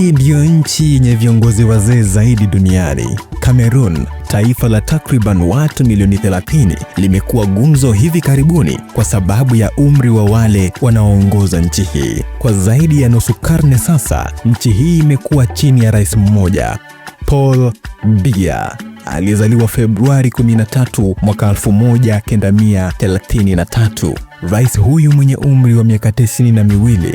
Hii ndiyo nchi yenye viongozi wazee zaidi duniani. Kamerun, taifa la takriban watu milioni 30, limekuwa gumzo hivi karibuni kwa sababu ya umri wa wale wanaoongoza nchi hii. Kwa zaidi ya nusu karne sasa, nchi hii imekuwa chini ya rais mmoja, Paul Biya aliyezaliwa Februari 13 mwaka 1933. Rais huyu mwenye umri wa miaka tisini na miwili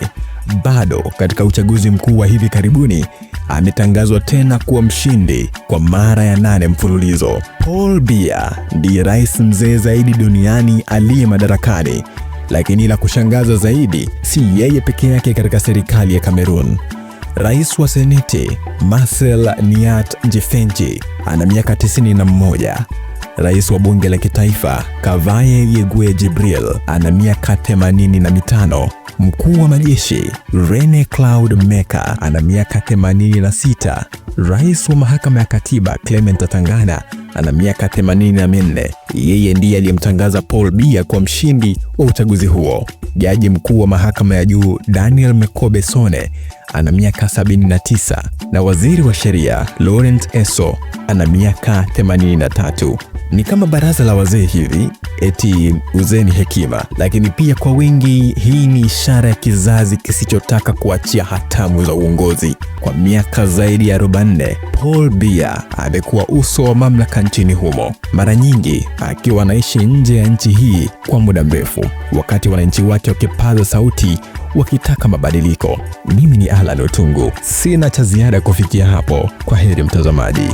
bado katika uchaguzi mkuu wa hivi karibuni ametangazwa tena kuwa mshindi kwa mara ya nane mfululizo. Paul Biya ndiye rais mzee zaidi duniani aliye madarakani, lakini la kushangaza zaidi si yeye peke yake katika serikali ya Kamerun. Rais wa Seneti Marcel Niat Jefenji ana miaka 91. Rais wa bunge la kitaifa Kavaye Yegue Jibril ana miaka themanini na mitano Mkuu wa majeshi Rene Claude Meka ana miaka 86. Rais wa mahakama ya katiba Clement Atangana ana miaka 84. Yeye ndiye aliyemtangaza Paul Biya kwa mshindi wa uchaguzi huo. Jaji mkuu wa mahakama ya juu Daniel Mekobe Sone ana miaka 79 na waziri wa sheria Laurent Esso ana miaka 83. Ni kama baraza la wazee hivi, eti uzee ni hekima. Lakini pia kwa wengi, hii ni ishara ya kizazi kisichotaka kuachia hatamu za uongozi. Kwa miaka zaidi ya 40, Paul Biya amekuwa uso wa mamlaka nchini humo, mara nyingi akiwa anaishi nje ya nchi hii kwa muda mrefu, wakati wananchi wake wakipaza sauti wakitaka mabadiliko. Mimi ni Alan Otungu, sina cha ziada kufikia hapo. Kwa heri mtazamaji.